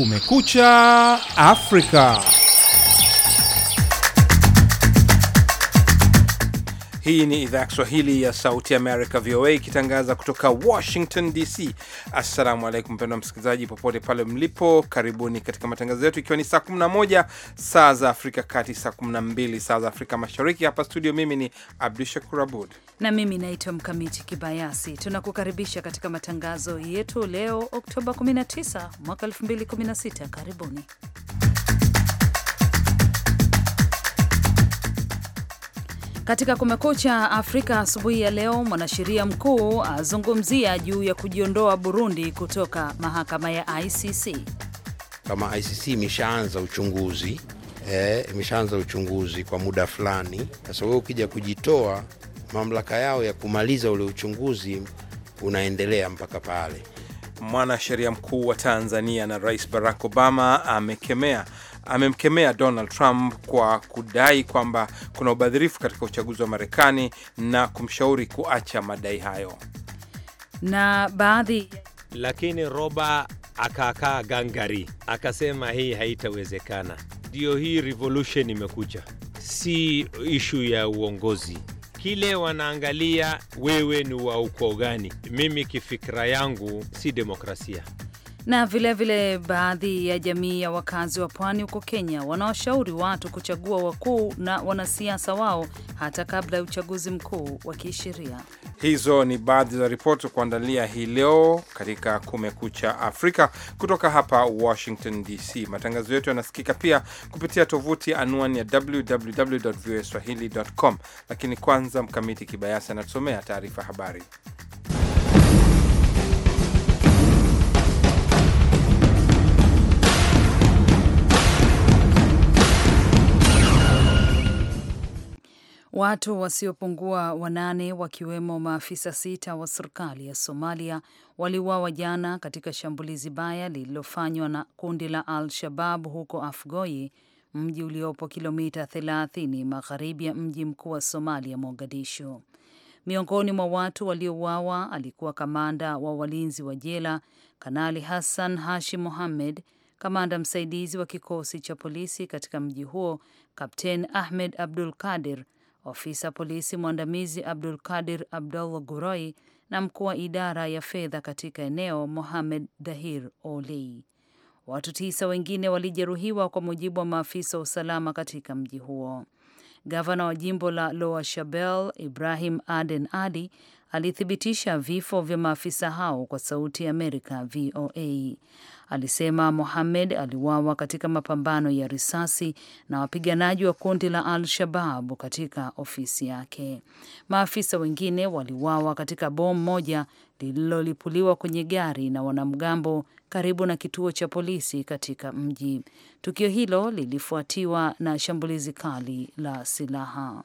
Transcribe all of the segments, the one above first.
Kumekucha Afrika. Hii ni idhaa ya Kiswahili ya Sauti Amerika, VOA, ikitangaza kutoka Washington DC. Assalamu alaikum mpendwa msikilizaji, popote pale mlipo, karibuni katika matangazo yetu, ikiwa ni saa 11 saa za Afrika Kati, saa 12 saa za Afrika Mashariki. Hapa studio, mimi ni Abdu Shakur Abud na mimi naitwa Mkamiti Kibayasi. Tunakukaribisha katika matangazo yetu leo Oktoba 19 mwaka 2016. Karibuni. Katika Kumekucha Afrika asubuhi ya leo, mwanasheria mkuu azungumzia juu ya kujiondoa Burundi kutoka mahakama ya ICC. Kama ICC imeshaanza uchunguzi eh, imeshaanza uchunguzi kwa muda fulani sasa, wewe ukija kujitoa, mamlaka yao ya kumaliza ule uchunguzi unaendelea mpaka pale. Mwanasheria mkuu wa Tanzania na Rais Barack Obama amekemea amemkemea Donald Trump kwa kudai kwamba kuna ubadhirifu katika uchaguzi wa Marekani na kumshauri kuacha madai hayo. Na baadhi lakini roba akakaa gangari, akasema hii haitawezekana. Ndiyo hii revolution imekuja, si ishu ya uongozi. Kile wanaangalia wewe ni wa ukoo gani. Mimi kifikira yangu si demokrasia na vilevile vile baadhi ya jamii ya wakazi wa pwani huko Kenya wanawashauri watu kuchagua wakuu na wanasiasa wao hata kabla ya uchaguzi mkuu wa kisheria. Hizo ni baadhi za ripoti kuandalia hii leo katika Kumekucha Afrika kutoka hapa Washington DC. Matangazo yetu yanasikika pia kupitia tovuti anwani ya www voa swahili com, lakini kwanza Mkamiti Kibayasi anatusomea taarifa habari. Watu wasiopungua wanane wakiwemo maafisa sita wa serikali ya Somalia waliuawa jana katika shambulizi baya lililofanywa na kundi la Al-Shabab huko afgoi mji uliopo kilomita 30 magharibi ya mji mkuu wa Somalia, Mogadishu. Miongoni mwa watu waliouawa alikuwa kamanda wa walinzi wa jela Kanali Hassan Hashi Mohamed, kamanda msaidizi wa kikosi cha polisi katika mji huo Kapten Ahmed Abdul Kadir Ofisa polisi mwandamizi Abdul Kadir Abdullah Guroi na mkuu wa idara ya fedha katika eneo Mohamed Dahir Olei. Watu tisa wengine walijeruhiwa kwa mujibu wa maafisa wa usalama katika mji huo. Gavana wa jimbo la loa shabel Ibrahim Aden Adi alithibitisha vifo vya maafisa hao kwa Sauti ya Amerika VOA. Alisema Mohamed aliwawa katika mapambano ya risasi na wapiganaji wa kundi la Al shabab katika ofisi yake. Maafisa wengine waliwawa katika bomu moja lililolipuliwa kwenye gari na wanamgambo karibu na kituo cha polisi katika mji. Tukio hilo lilifuatiwa na shambulizi kali la silaha.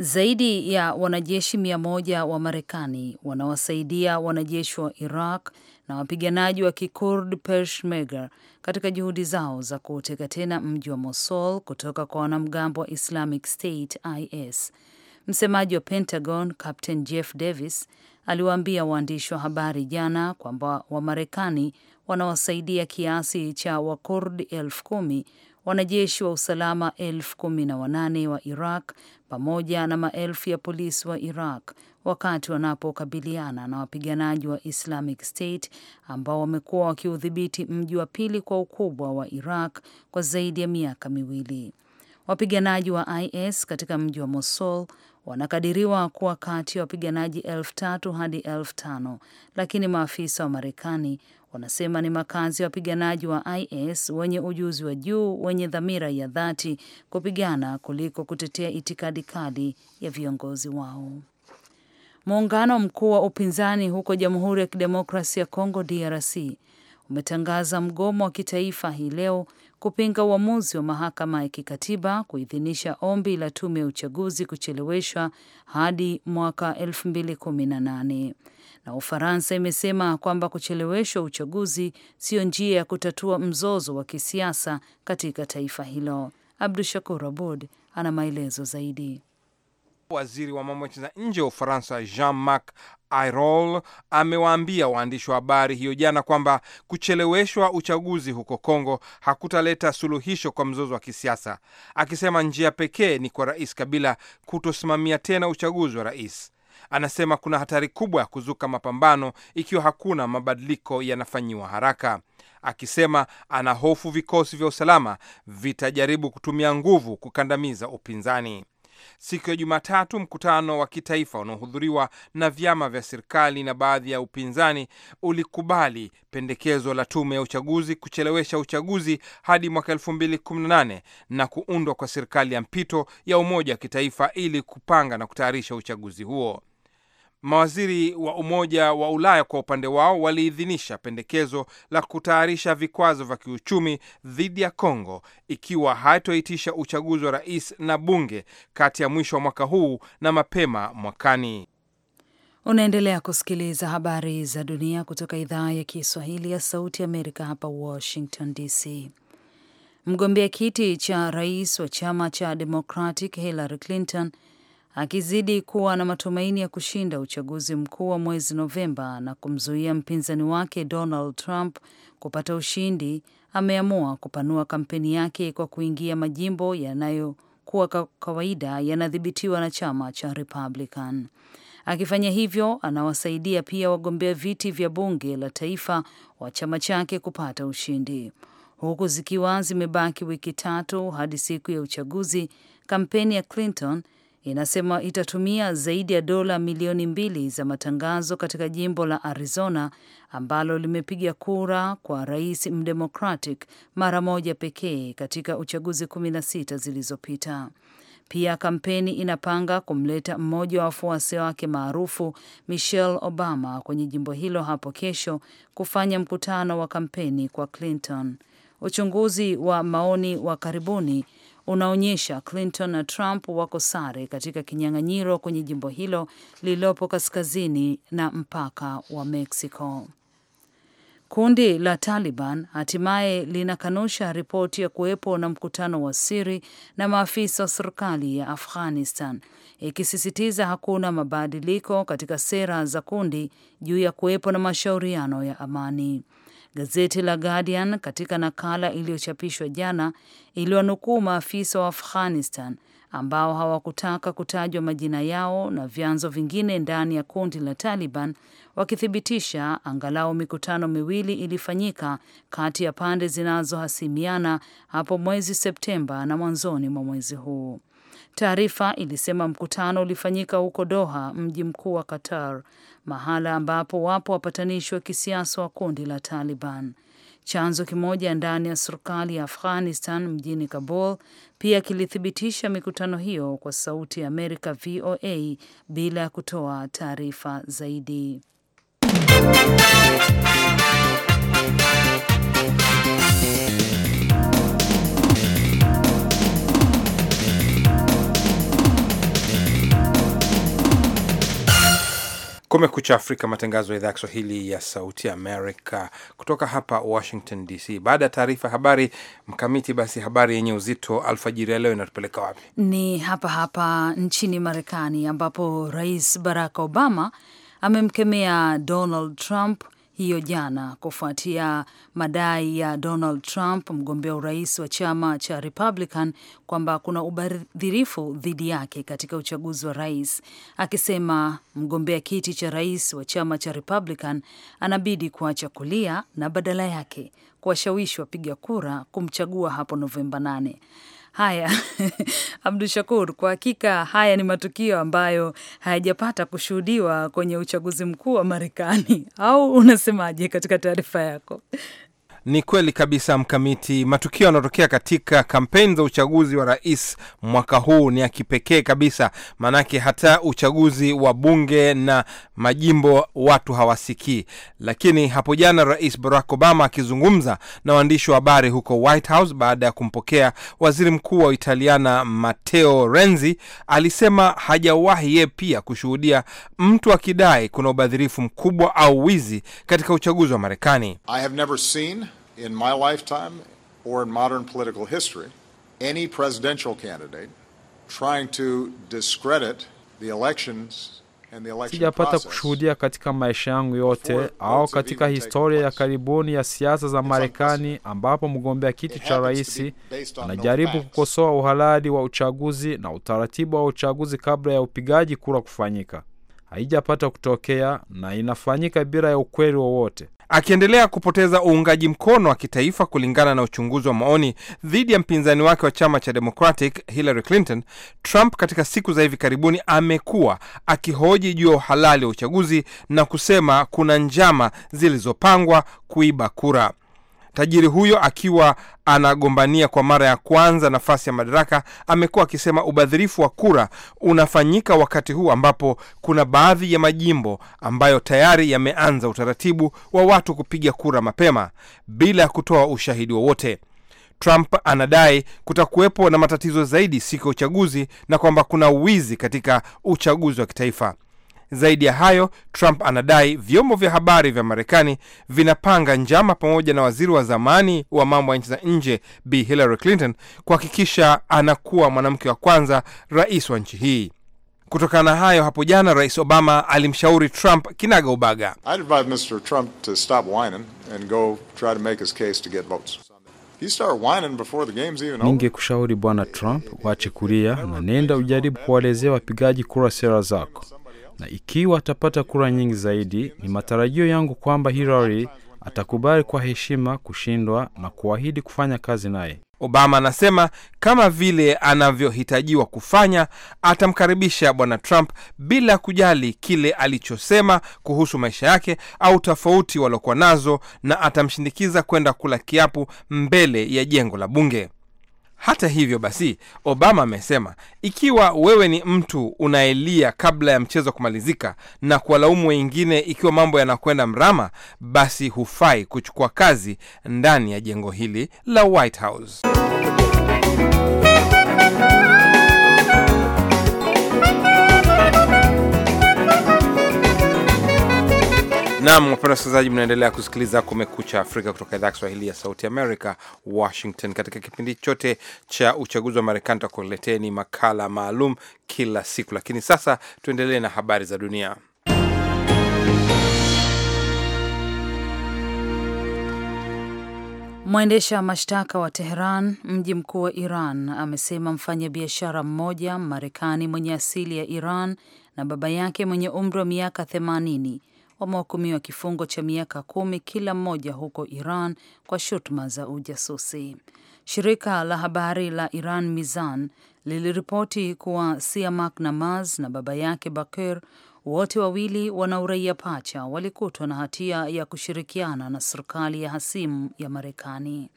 Zaidi ya wanajeshi mia moja wa Marekani wanawasaidia wanajeshi wa Iraq na wapiganaji wa Kikurd Peshmerga katika juhudi zao za kuuteka tena mji wa Mosul kutoka kwa wanamgambo wa Islamic State IS. Msemaji wa Pentagon Captain Jeff Davis aliwaambia waandishi wa habari jana kwamba Wamarekani wanawasaidia kiasi cha Wakurdi elfu kumi wanajeshi wa usalama elfu kumi na wanane wa Iraq pamoja na maelfu ya polisi wa Iraq wakati wanapokabiliana na wapiganaji wa Islamic State ambao wamekuwa wakiudhibiti mji wa pili kwa ukubwa wa Iraq kwa zaidi ya miaka miwili. Wapiganaji wa IS katika mji wa Mosul wanakadiriwa kuwa kati ya wapiganaji elfu tatu hadi elfu tano lakini maafisa wa Marekani wanasema ni makazi ya wapiganaji wa IS wenye ujuzi wa juu wenye dhamira ya dhati kupigana kuliko kutetea itikadi kali ya viongozi wao. Muungano mkuu wa upinzani huko Jamhuri ya Kidemokrasi ya Kongo DRC umetangaza mgomo wa kitaifa hii leo kupinga uamuzi wa mahakama ya kikatiba kuidhinisha ombi la tume ya uchaguzi kucheleweshwa hadi mwaka 2018. Na Ufaransa imesema kwamba kucheleweshwa uchaguzi siyo njia ya kutatua mzozo wa kisiasa katika taifa hilo. Abdu Shakur Abud ana maelezo zaidi. Waziri wa mambo ya za nje wa Ufaransa Jean-Marc Irol amewaambia waandishi wa habari hiyo jana kwamba kucheleweshwa uchaguzi huko Kongo hakutaleta suluhisho kwa mzozo wa kisiasa, akisema njia pekee ni kwa Rais Kabila kutosimamia tena uchaguzi wa rais. Anasema kuna hatari kubwa ya kuzuka mapambano ikiwa hakuna mabadiliko yanafanyiwa haraka, akisema ana hofu vikosi vya usalama vitajaribu kutumia nguvu kukandamiza upinzani siku ya Jumatatu, mkutano wa kitaifa unaohudhuriwa na vyama vya serikali na baadhi ya upinzani ulikubali pendekezo la tume ya uchaguzi kuchelewesha uchaguzi hadi mwaka e218 na kuundwa kwa serikali ya mpito ya umoja wa kitaifa ili kupanga na kutayarisha uchaguzi huo. Mawaziri wa Umoja wa Ulaya kwa upande wao waliidhinisha pendekezo la kutayarisha vikwazo vya kiuchumi dhidi ya congo ikiwa haitoitisha uchaguzi wa rais na bunge kati ya mwisho wa mwaka huu na mapema mwakani. Unaendelea kusikiliza habari za dunia kutoka idhaa ya Kiswahili ya Sauti Amerika, hapa Washington DC. Mgombea kiti cha rais wa chama cha Democratic Hillary Clinton akizidi kuwa na matumaini ya kushinda uchaguzi mkuu wa mwezi Novemba na kumzuia mpinzani wake Donald Trump kupata ushindi, ameamua kupanua kampeni yake kwa kuingia majimbo yanayokuwa kawaida yanadhibitiwa na chama cha Republican. Akifanya hivyo, anawasaidia pia wagombea viti vya bunge la taifa wa chama chake kupata ushindi. Huku zikiwa zimebaki wiki tatu hadi siku ya uchaguzi, kampeni ya Clinton inasema itatumia zaidi ya dola milioni mbili za matangazo katika jimbo la Arizona ambalo limepiga kura kwa rais mdemokratic mara moja pekee katika uchaguzi kumi na sita zilizopita. Pia kampeni inapanga kumleta mmoja wa wafuasi wake maarufu Michelle Obama kwenye jimbo hilo hapo kesho kufanya mkutano wa kampeni kwa Clinton. Uchunguzi wa maoni wa karibuni unaonyesha Clinton na Trump wako sare katika kinyang'anyiro kwenye jimbo hilo lililopo kaskazini na mpaka wa Mexico. Kundi la Taliban hatimaye linakanusha ripoti ya kuwepo na mkutano wa siri na maafisa wa serikali ya Afghanistan, ikisisitiza hakuna mabadiliko katika sera za kundi juu ya kuwepo na mashauriano ya amani. Gazeti la Guardian katika nakala iliyochapishwa jana iliwanukuu maafisa wa Afghanistan ambao hawakutaka kutajwa majina yao na vyanzo vingine ndani ya kundi la Taliban wakithibitisha angalau mikutano miwili ilifanyika kati ya pande zinazohasimiana hapo mwezi Septemba na mwanzoni mwa mwezi huu. Taarifa ilisema mkutano ulifanyika huko Doha, mji mkuu wa Qatar, mahala ambapo wapo wapatanishi wa kisiasa wa kundi la Taliban. Chanzo kimoja ndani ya serikali ya Afghanistan mjini Kabul pia kilithibitisha mikutano hiyo kwa Sauti ya Amerika VOA bila ya kutoa taarifa zaidi. Kumekucha Afrika, matangazo ya idhaa ya Kiswahili ya Sauti Amerika kutoka hapa Washington DC. Baada ya taarifa habari mkamiti, basi habari yenye uzito alfajiri ya leo inatupeleka wapi? Ni hapa hapa nchini Marekani, ambapo Rais Barack Obama amemkemea Donald Trump hiyo jana kufuatia madai ya Donald Trump, mgombea urais wa chama cha Republican, kwamba kuna ubadhirifu dhidi yake katika uchaguzi wa rais, akisema mgombea kiti cha rais wa chama cha Republican anabidi kuacha kulia na badala yake kuwashawishi wapiga kura kumchagua hapo Novemba 8. Haya, Abdu Shakur, kwa hakika haya ni matukio ambayo hayajapata kushuhudiwa kwenye uchaguzi mkuu wa Marekani, au unasemaje katika taarifa yako? Ni kweli kabisa mkamiti, matukio yanayotokea katika kampeni za uchaguzi wa rais mwaka huu ni ya kipekee kabisa, maanake hata uchaguzi wa bunge na majimbo watu hawasikii. Lakini hapo jana Rais Barack Obama akizungumza na waandishi wa habari huko White House baada ya kumpokea waziri mkuu wa Italiana Matteo Renzi, alisema hajawahi yeye pia kushuhudia mtu akidai kuna ubadhirifu mkubwa au wizi katika uchaguzi wa Marekani. I have never seen in my lifetime or in modern political history any presidential candidate trying to discredit the elections sijapata kushuhudia katika maisha yangu yote au katika historia ya karibuni ya siasa za Marekani ambapo mgombea kiti cha rais anajaribu kukosoa uhalali wa uchaguzi na utaratibu wa uchaguzi kabla ya upigaji kura kufanyika. Haijapata kutokea na inafanyika bila ya ukweli wowote akiendelea kupoteza uungaji mkono wa kitaifa, kulingana na uchunguzi wa maoni dhidi ya mpinzani wake wa chama cha Democratic Hillary Clinton. Trump katika siku za hivi karibuni amekuwa akihoji juu ya uhalali wa uchaguzi na kusema kuna njama zilizopangwa kuiba kura. Tajiri huyo akiwa anagombania kwa mara ya kwanza nafasi ya madaraka, amekuwa akisema ubadhirifu wa kura unafanyika wakati huu ambapo kuna baadhi ya majimbo ambayo tayari yameanza utaratibu wa watu kupiga kura mapema bila ya kutoa ushahidi wowote. Trump anadai kutakuwepo na matatizo zaidi siku ya uchaguzi na kwamba kuna wizi katika uchaguzi wa kitaifa. Zaidi ya hayo, Trump anadai vyombo vya habari vya Marekani vinapanga njama pamoja na waziri wa zamani wa mambo ya nchi za nje Bi Hillary Clinton kuhakikisha anakuwa mwanamke wa kwanza rais wa nchi hii. Kutokana na hayo, hapo jana Rais Obama alimshauri Trump kinaga ubaga. Ninge kushauri Bwana Trump wache kulia na nenda ujaribu kuwaelezea wapigaji kura sera zako na ikiwa atapata kura nyingi zaidi, ni matarajio yangu kwamba Hillary atakubali kwa heshima kushindwa na kuahidi kufanya kazi naye. Obama anasema kama vile anavyohitajiwa kufanya, atamkaribisha bwana Trump bila kujali kile alichosema kuhusu maisha yake au tofauti waliokuwa nazo, na atamshindikiza kwenda kula kiapu mbele ya jengo la bunge. Hata hivyo basi, Obama amesema ikiwa wewe ni mtu unaelia kabla ya mchezo kumalizika na kuwalaumu wengine ikiwa mambo yanakwenda mrama, basi hufai kuchukua kazi ndani ya jengo hili la White House. Naam, wapenda wasikilizaji, mnaendelea kusikiliza Kumekucha Afrika kutoka idhaa ya Kiswahili ya Sauti Amerika, Washington. Katika kipindi chote cha uchaguzi wa Marekani tutakuleteni makala maalum kila siku, lakini sasa tuendelee na habari za dunia. Mwendesha mashtaka wa Teheran, mji mkuu wa Iran, amesema mfanyabiashara mmoja Marekani mwenye asili ya Iran na baba yake mwenye umri wa miaka 80 wamehukumiwa kifungo cha miaka kumi kila mmoja huko Iran kwa shutuma za ujasusi. Shirika la habari la Iran Mizan liliripoti kuwa Siamak Namaz na baba yake Bakir wote wawili wana uraia pacha walikutwa na hatia ya kushirikiana na serikali ya hasimu ya Marekani.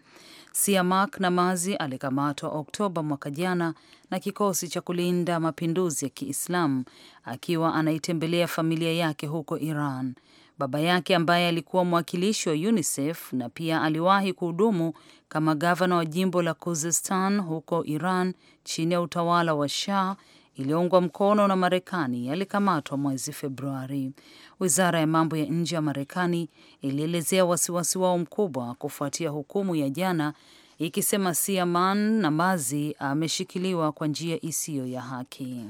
Siamak na mazi alikamatwa Oktoba mwaka jana na kikosi cha kulinda mapinduzi ya Kiislamu akiwa anaitembelea familia yake huko Iran. Baba yake ambaye alikuwa mwakilishi wa UNICEF na pia aliwahi kuhudumu kama gavana wa jimbo la Khuzestan huko Iran chini ya utawala wa Shah iliyoungwa mkono na Marekani yalikamatwa mwezi Februari. Wizara ya mambo ya nje ya Marekani ilielezea wasiwasi wao mkubwa kufuatia hukumu ya jana ikisema Siaman na mazi ameshikiliwa kwa njia isiyo ya haki.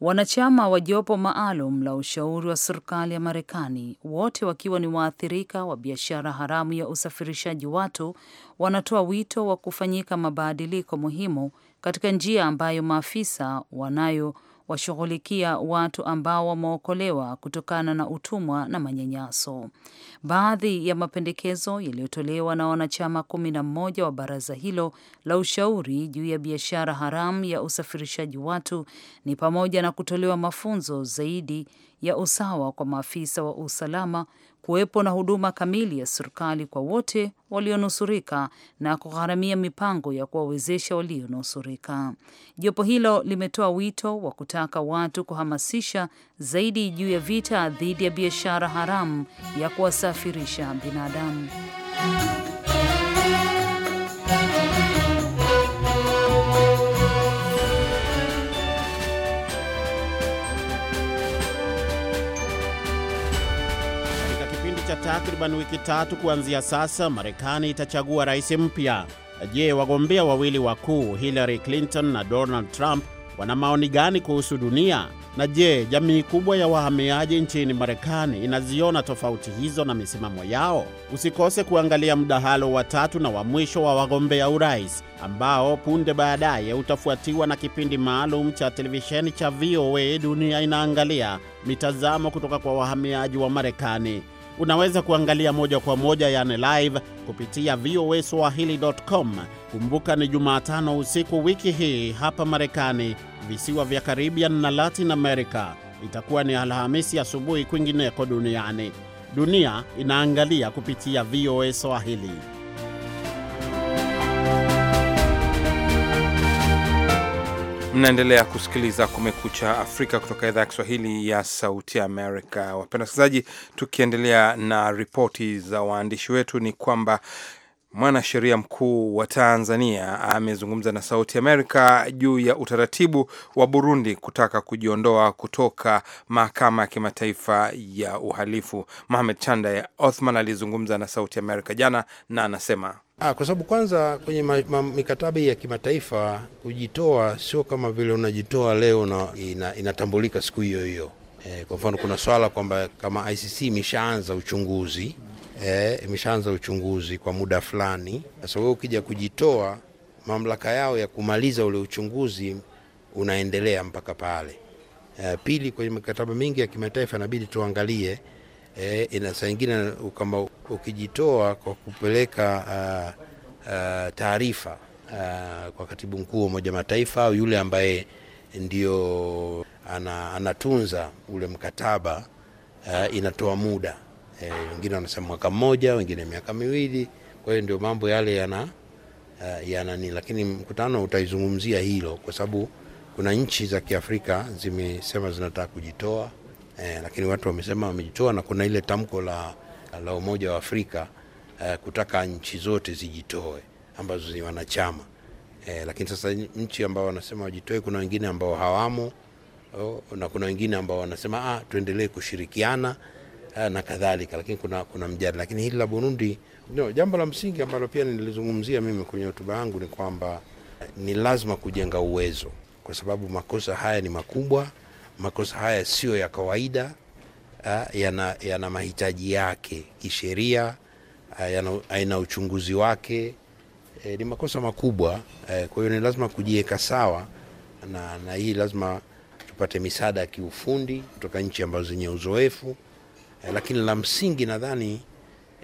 Wanachama wa jopo maalum la ushauri wa serikali ya Marekani, wote wakiwa ni waathirika wa biashara haramu ya usafirishaji watu, wanatoa wito wa kufanyika mabadiliko muhimu katika njia ambayo maafisa wanayowashughulikia watu ambao wameokolewa kutokana na utumwa na manyanyaso. Baadhi ya mapendekezo yaliyotolewa na wanachama kumi na mmoja wa baraza hilo la ushauri juu ya biashara haramu ya usafirishaji watu ni pamoja na kutolewa mafunzo zaidi ya usawa kwa maafisa wa usalama, kuwepo na huduma kamili ya serikali kwa wote walionusurika na kugharamia mipango ya kuwawezesha walionusurika. Jopo hilo limetoa wito wa kutaka watu kuhamasisha zaidi juu ya vita dhidi ya biashara haramu ya kuwasafirisha binadamu. cha takriban wiki tatu kuanzia sasa, Marekani itachagua rais mpya. Je, wagombea wawili wakuu Hillary Clinton na Donald Trump wana maoni gani kuhusu dunia? Na je, jamii kubwa ya wahamiaji nchini Marekani inaziona tofauti hizo na misimamo yao? Usikose kuangalia mdahalo wa tatu na wa mwisho wa wagombea urais ambao punde baadaye utafuatiwa na kipindi maalum cha televisheni cha VOA Dunia Inaangalia, mitazamo kutoka kwa wahamiaji wa Marekani. Unaweza kuangalia moja kwa moja, yani live, kupitia VOA swahili.com. Kumbuka ni Jumatano usiku wiki hii hapa Marekani, visiwa vya Caribbean na Latin America itakuwa ni Alhamisi asubuhi kwingineko duniani. Dunia inaangalia kupitia VOA Swahili. Mnaendelea kusikiliza Kumekucha Afrika kutoka idhaa ya Kiswahili ya Sauti ya Amerika. Wapenda wasikilizaji, tukiendelea na ripoti za waandishi wetu ni kwamba mwanasheria mkuu wa Tanzania amezungumza na Sauti Amerika juu ya utaratibu wa Burundi kutaka kujiondoa kutoka mahakama ya kimataifa ya uhalifu. Mohamed Chanda Othman alizungumza na Sauti Amerika jana na anasema Ah, kwa sababu kwanza kwenye ma, ma, mikataba ya kimataifa kujitoa sio kama vile unajitoa leo na ina, inatambulika siku hiyo hiyo. E, kwa mfano kuna swala kwamba kama ICC imeshaanza uchunguzi e, imeshaanza uchunguzi kwa muda fulani. Sasa wewe ukija kujitoa, mamlaka yao ya kumaliza ule uchunguzi unaendelea mpaka pale. E, pili, kwenye mikataba mingi ya kimataifa inabidi tuangalie e, ina saa nyingine kama ukijitoa kwa kupeleka uh, uh, taarifa uh, kwa katibu mkuu wa Umoja Mataifa au yule ambaye ndio ana, anatunza ule mkataba uh, inatoa muda e, wengine wanasema mwaka mmoja, wengine miaka miwili. Kwa hiyo ndio mambo yale yana Uh, ya lakini mkutano utaizungumzia hilo kwa sababu kuna nchi za Kiafrika zimesema zinataka kujitoa eh, lakini watu wamesema wamejitoa, na kuna ile tamko la, la Umoja wa Afrika eh, kutaka nchi zote zijitoe ambazo ni wanachama eh, lakini sasa nchi ambao wanasema wajitoe, kuna wengine ambao hawamo oh, na kuna wengine ambao wanasema ah, tuendelee kushirikiana eh, na kadhalika, lakini kuna, kuna mjadala. Lakini hili la Burundi no, jambo la msingi ambalo pia nilizungumzia mimi kwenye hotuba yangu ni kwamba eh, ni lazima kujenga uwezo, kwa sababu makosa haya ni makubwa makosa haya siyo ya kawaida, ah, yana, yana mahitaji yake kisheria, aina ah, uchunguzi wake. E, ni makosa makubwa e, kwa hiyo ni lazima kujiweka sawa na, na hii lazima tupate misaada ya kiufundi kutoka nchi ambazo zenye uzoefu e, lakini la msingi nadhani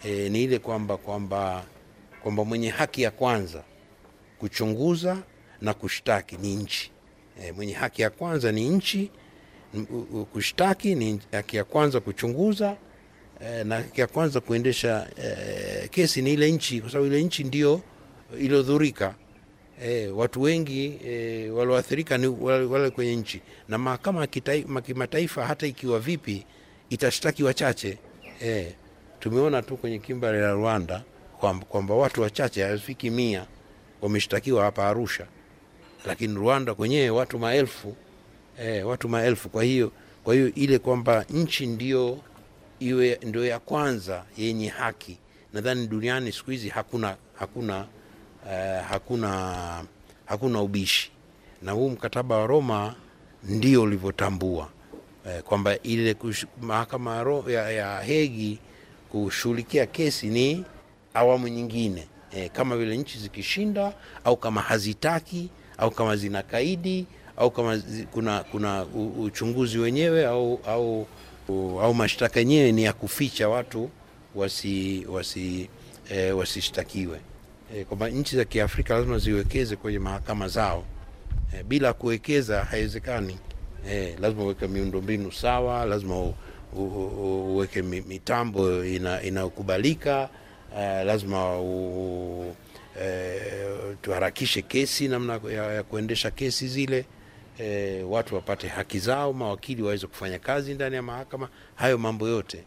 e, ni ile kwamba kwamba kwamba mwenye haki ya kwanza kuchunguza na kushtaki ni nchi e, mwenye haki ya kwanza ni nchi kushtaki ni haki ya kwanza kuchunguza eh, na haki ya kwanza kuendesha eh, kesi ni ile nchi, kwa sababu ile nchi ndio iliyodhurika. Eh, watu wengi eh, walioathirika ni wale kwenye nchi, na mahakama ya kimataifa hata ikiwa vipi itashtaki wachache. Eh, tumeona tu kwenye kimbari la Rwanda kwamba kwa watu wachache hawafiki mia wameshtakiwa hapa Arusha, lakini Rwanda kwenyewe watu maelfu eh, watu maelfu. Kwa hiyo kwa hiyo ile kwamba nchi ndio iwe ndio ya kwanza yenye haki, nadhani duniani siku hizi hakuna hakuna eh, hakuna hakuna ubishi, na huu mkataba wa Roma ndio ulivyotambua eh, kwamba ile mahakama ya, ya Hegi kushughulikia kesi ni awamu nyingine eh, kama vile nchi zikishinda au kama hazitaki au kama zinakaidi au kama kuna, kuna uchunguzi wenyewe au, au, au mashtaka yenyewe ni ya kuficha watu wasi, wasi, e, wasishtakiwe e, kwamba nchi za Kiafrika lazima ziwekeze kwenye mahakama zao e, bila kuwekeza haiwezekani. E, lazima uweke miundombinu sawa, lazima uweke mitambo inayokubalika ina e, lazima u, e, tuharakishe kesi namna ya, ya kuendesha kesi zile e, watu wapate haki zao, mawakili waweze kufanya kazi ndani ya mahakama, hayo mambo yote.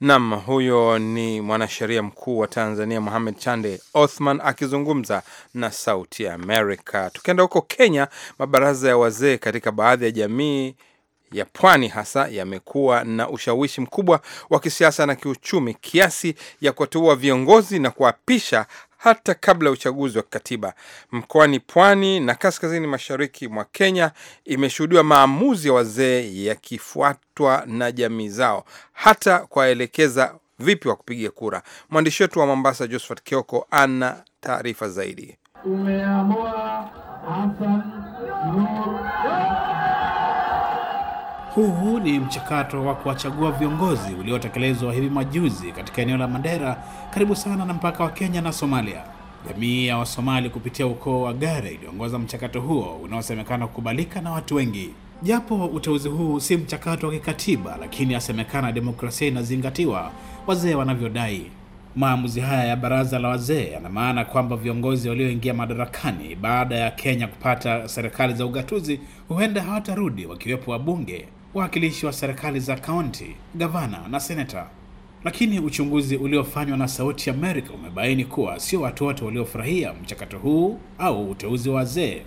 Nam, huyo ni mwanasheria mkuu wa Tanzania muhamed Chande Othman akizungumza na Sauti ya Amerika. Tukienda huko Kenya, mabaraza ya wazee katika baadhi ya jamii ya pwani hasa yamekuwa na ushawishi mkubwa wa kisiasa na kiuchumi kiasi ya kuwateua viongozi na kuapisha hata kabla ya uchaguzi wa kikatiba. Mkoani Pwani na kaskazini mashariki mwa Kenya imeshuhudiwa maamuzi ya wazee yakifuatwa na jamii zao, hata kuwaelekeza vipi wa kupiga kura. Mwandishi wetu wa Mombasa, Josephat Kioko, ana taarifa zaidi. Umeamua Hassan huu ni mchakato wa kuwachagua viongozi uliotekelezwa hivi majuzi katika eneo la Mandera karibu sana na mpaka wa Kenya na Somalia. Jamii ya Wasomali kupitia ukoo wa Gare iliongoza mchakato huo unaosemekana kukubalika na watu wengi. Japo uteuzi huu si mchakato wa kikatiba, lakini asemekana demokrasia inazingatiwa, wazee wanavyodai. Maamuzi haya ya baraza la wazee yana maana kwamba viongozi walioingia madarakani baada ya Kenya kupata serikali za ugatuzi huenda hawatarudi, wakiwepo wabunge wawakilishi wa serikali za kaunti, gavana na seneta. Lakini uchunguzi uliofanywa na Sauti ya Amerika umebaini kuwa sio watu wote waliofurahia mchakato huu au uteuzi wa wazee.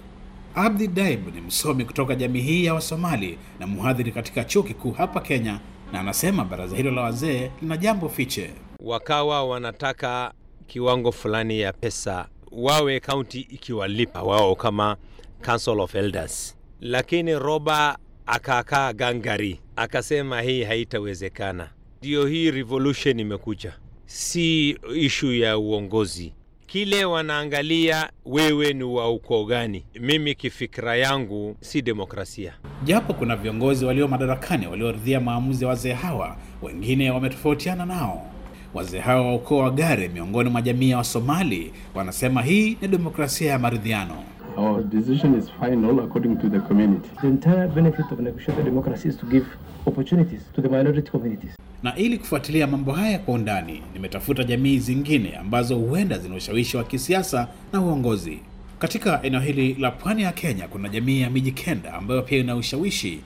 Abdi Daib ni msomi kutoka jamii hii ya Wasomali na mhadhiri katika chuo kikuu hapa Kenya, na anasema baraza hilo la wazee lina jambo fiche. Wakawa wanataka kiwango fulani ya pesa wawe kaunti ikiwalipa wao kama Council of Elders, lakini roba akakaa gangari, akasema hii haitawezekana. Ndio hii revolution imekuja, si ishu ya uongozi. Kile wanaangalia wewe ni wa ukoo gani. Mimi kifikira yangu si demokrasia. Japo kuna viongozi walio madarakani walioridhia maamuzi ya wazee hawa, wengine wametofautiana nao. Wazee hawa wa ukoo wa Gare miongoni mwa jamii ya Wasomali wanasema hii ni demokrasia ya maridhiano. Our decision is final according to the community. The entire benefit of negotiated democracy is to give opportunities to the minority communities. Na ili kufuatilia mambo haya kwa undani, nimetafuta jamii zingine ambazo huenda zina ushawishi wa kisiasa na uongozi. Katika eneo hili la pwani ya Kenya kuna jamii ya Mijikenda ambayo pia ina ushawishi.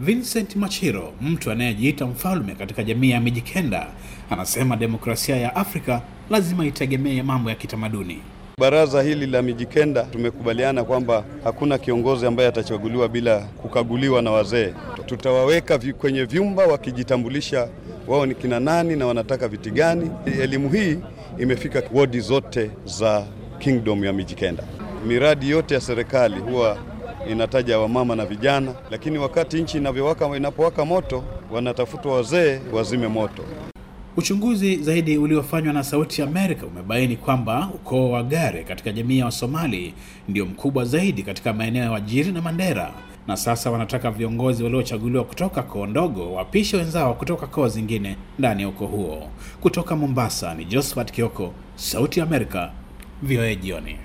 Vincent Machiro, mtu anayejiita mfalme katika jamii ya Mijikenda, anasema demokrasia ya Afrika lazima itegemee mambo ya kitamaduni. Baraza hili la Mijikenda tumekubaliana kwamba hakuna kiongozi ambaye atachaguliwa bila kukaguliwa na wazee. Tutawaweka kwenye vyumba wakijitambulisha wao ni kina nani na wanataka viti gani. Elimu hii imefika wodi zote za Kingdom ya Mijikenda. Miradi yote ya serikali huwa inataja wamama na vijana, lakini wakati nchi inavyowaka inapowaka moto, wanatafutwa wazee wazime moto. Uchunguzi zaidi uliofanywa na Sauti ya Amerika umebaini kwamba ukoo wa Gare katika jamii ya Wasomali ndio mkubwa zaidi katika maeneo ya Wajiri na Mandera, na sasa wanataka viongozi waliochaguliwa kutoka koo ndogo wapishe wenzao kutoka koo zingine ndani ya ukoo huo. Kutoka Mombasa ni Josephat Kioko, Sauti ya Amerika, VOA jioni.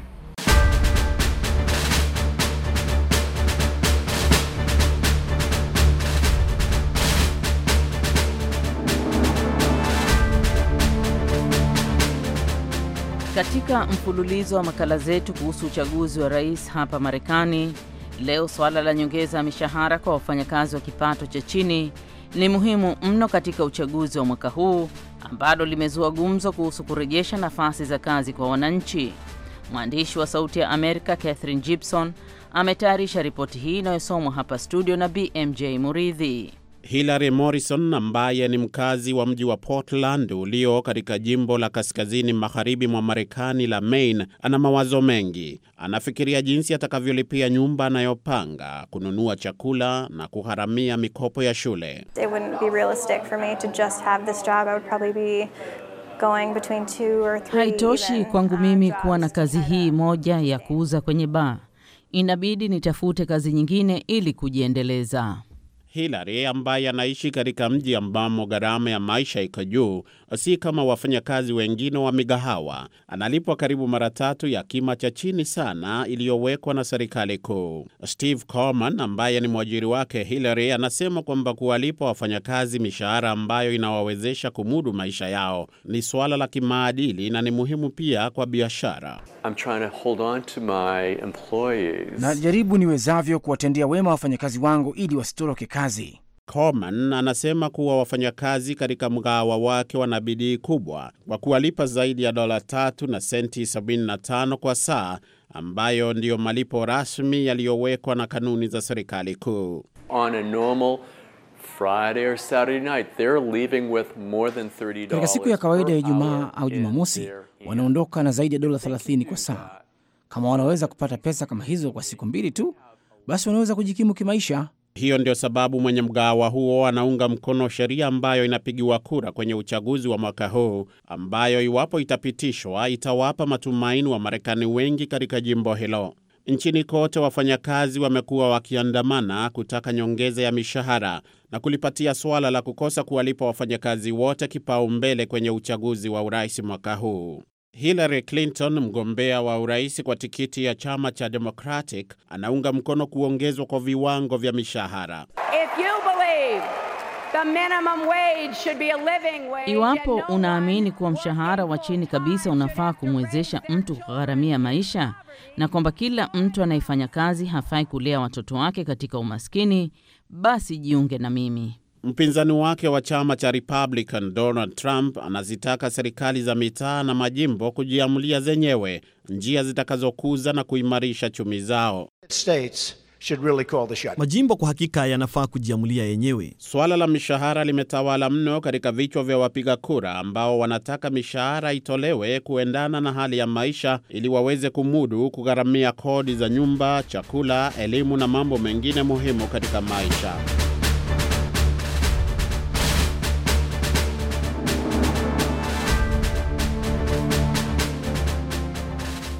Katika mfululizo wa makala zetu kuhusu uchaguzi wa rais hapa Marekani, leo suala la nyongeza ya mishahara kwa wafanyakazi wa kipato cha chini ni muhimu mno katika uchaguzi wa mwaka huu ambalo limezua gumzo kuhusu kurejesha nafasi za kazi kwa wananchi. Mwandishi wa Sauti ya Amerika Catherine Gibson ametayarisha ripoti hii inayosomwa hapa studio na BMJ Muridhi hilary Morrison ambaye ni mkazi wa mji wa Portland ulio katika jimbo la kaskazini magharibi mwa Marekani la Maine ana mawazo mengi. Anafikiria jinsi atakavyolipia nyumba anayopanga, kununua chakula na kuharamia mikopo ya shule. Haitoshi kwangu uh, mimi kuwa na kazi hii moja ya kuuza kwenye baa. Inabidi nitafute kazi nyingine ili kujiendeleza. Hilary ambaye anaishi katika mji ambamo gharama ya maisha iko juu, si kama wafanyakazi wengine wa migahawa, analipwa karibu mara tatu ya kima cha chini sana iliyowekwa na serikali kuu. Steve Coleman ambaye ni mwajiri wake Hilary anasema kwamba kuwalipa wafanyakazi mishahara ambayo inawawezesha kumudu maisha yao ni suala la kimaadili na ni muhimu pia kwa biashara. Najaribu niwezavyo kuwatendea wema wafanyakazi wangu ili wasitoroke kazi kazi. Coman anasema kuwa wafanyakazi katika mgawa wake wana bidii kubwa kwa kuwalipa zaidi ya dola tatu na senti 75 kwa saa ambayo ndiyo malipo rasmi yaliyowekwa na kanuni za serikali kuu. Katika siku ya kawaida ya Ijumaa au Jumamosi wanaondoka na zaidi ya dola 30 kwa saa. Kama wanaweza kupata pesa kama hizo kwa siku mbili tu, basi wanaweza kujikimu kimaisha. Hiyo ndio sababu mwenye mgahawa huo anaunga mkono sheria ambayo inapigiwa kura kwenye uchaguzi wa mwaka huu, ambayo iwapo itapitishwa, itawapa matumaini wa Marekani wengi katika jimbo hilo. Nchini kote wafanyakazi wamekuwa wakiandamana kutaka nyongeza ya mishahara na kulipatia suala la kukosa kuwalipa wafanyakazi wote kipaumbele kwenye uchaguzi wa urais mwaka huu. Hillary Clinton, mgombea wa urais kwa tikiti ya chama cha Democratic, anaunga mkono kuongezwa kwa viwango vya mishahara. Iwapo unaamini kuwa mshahara wa chini kabisa unafaa kumwezesha mtu kugharamia maisha na kwamba kila mtu anayefanya kazi hafai kulea watoto wake katika umaskini, basi jiunge na mimi. Mpinzani wake wa chama cha Republican Donald Trump anazitaka serikali za mitaa na majimbo kujiamulia zenyewe njia zitakazokuza na kuimarisha chumi zao. Really majimbo kwa hakika yanafaa kujiamulia yenyewe. Swala la mishahara limetawala mno katika vichwa vya wapiga kura ambao wanataka mishahara itolewe kuendana na hali ya maisha ili waweze kumudu kugharamia kodi za nyumba, chakula, elimu na mambo mengine muhimu katika maisha.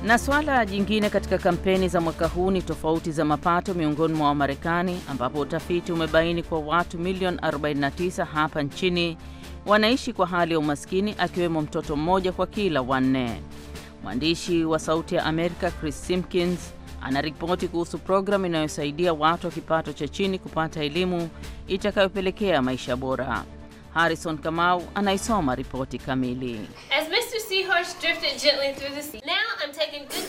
Na suala jingine katika kampeni za mwaka huu ni tofauti za mapato miongoni mwa Wamarekani, ambapo utafiti umebaini kwa watu milioni 49 hapa nchini wanaishi kwa hali ya umaskini, akiwemo mtoto mmoja kwa kila wanne. Mwandishi wa Sauti ya Amerika Chris simkins anaripoti kuhusu programu inayosaidia watu wa kipato cha chini kupata elimu itakayopelekea maisha bora. Harrison Kamau anaisoma ripoti kamili.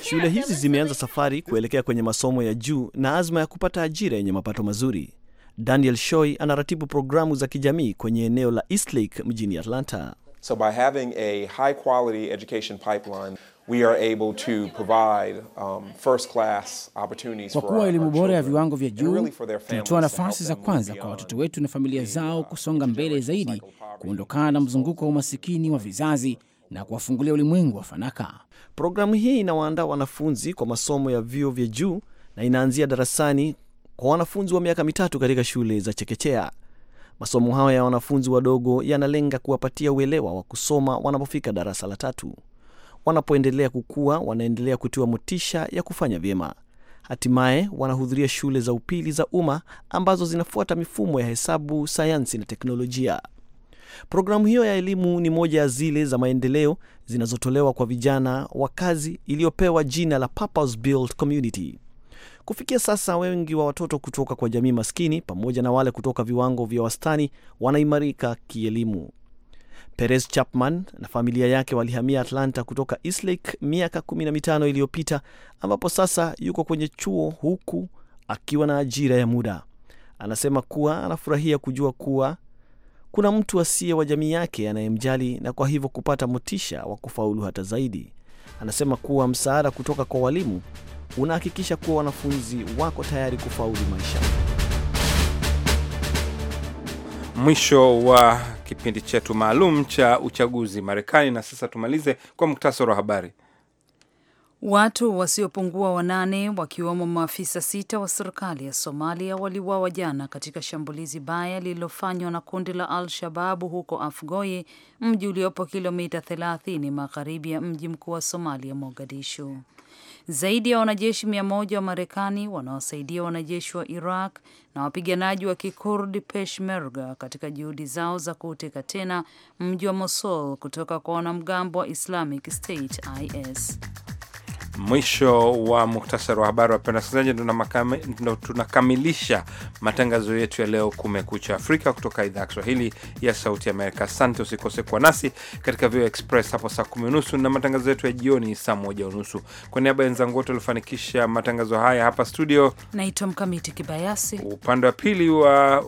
Shule hizi zimeanza safari kuelekea kwenye masomo ya juu na azma ya kupata ajira yenye mapato mazuri. Daniel Shoy anaratibu programu za kijamii kwenye eneo la Eastlake mjini Atlanta. So by having a high quality education pipeline we are able to provide um, first class opportunities kwa kuwa elimu bora ya viwango vya juu tunatoa nafasi za kwanza kwa watoto wetu na familia zao uh, kusonga mbele zaidi, kuondokana na mzunguko wa umasikini wa vizazi na kuwafungulia ulimwengu wa fanaka. Programu hii inawaandaa wanafunzi kwa masomo ya vyuo vya juu na inaanzia darasani kwa wanafunzi wa miaka mitatu katika shule za chekechea. Masomo hayo ya wanafunzi wadogo yanalenga kuwapatia uelewa wa kusoma wanapofika darasa la tatu. Wanapoendelea kukua, wanaendelea kutiwa motisha ya kufanya vyema. Hatimaye wanahudhuria shule za upili za umma ambazo zinafuata mifumo ya hesabu, sayansi na teknolojia. Programu hiyo ya elimu ni moja ya zile za maendeleo zinazotolewa kwa vijana wa kazi iliyopewa jina la Purpose Built Community. Kufikia sasa wengi wa watoto kutoka kwa jamii maskini pamoja na wale kutoka viwango vya wastani wanaimarika kielimu. Perez Chapman na familia yake walihamia Atlanta kutoka Eastlake miaka 15 iliyopita, ambapo sasa yuko kwenye chuo huku akiwa na ajira ya muda. Anasema kuwa anafurahia kujua kuwa kuna mtu asiye wa jamii yake anayemjali na kwa hivyo kupata motisha wa kufaulu hata zaidi. Anasema kuwa msaada kutoka kwa walimu unahakikisha kuwa wanafunzi wako tayari kufaulu maisha. Mwisho wa kipindi chetu maalum cha uchaguzi Marekani. Na sasa tumalize kwa muktasari wa habari. Watu wasiopungua wanane wakiwemo maafisa sita wa serikali ya Somalia waliuawa jana katika shambulizi baya lililofanywa na kundi la Al-Shababu huko Afgoye, mji uliopo kilomita 30 magharibi ya mji mkuu wa Somalia, Mogadishu. Zaidi ya wanajeshi mia moja wa Marekani wanaosaidia wanajeshi wa Iraq na wapiganaji wa Kikurdi Peshmerga katika juhudi zao za kuuteka tena mji wa Mosul kutoka kwa wanamgambo wa Islamic State IS. Mwisho wa muhtasari wa habari. Wapenda wasikilizaji, tunakamilisha matangazo yetu ya leo, Kumekucha Afrika, kutoka idhaa ya Kiswahili ya Sauti Amerika. Asante, usikose kuwa nasi katika VOA Express hapo saa kumi unusu na matangazo yetu ya jioni saa moja unusu. Kwa niaba ya wenzangu wote waliofanikisha matangazo haya hapa studio, naitwa Mkamiti Kibayasi, upande wa pili wa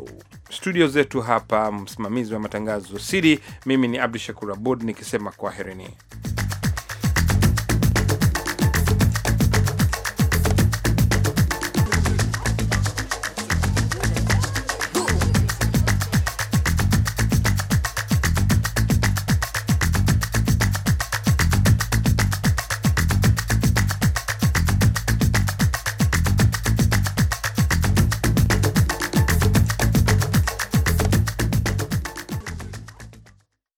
studio zetu hapa, msimamizi wa matangazo Sidi, mimi ni Abdu Shakur Abud nikisema kwaherini.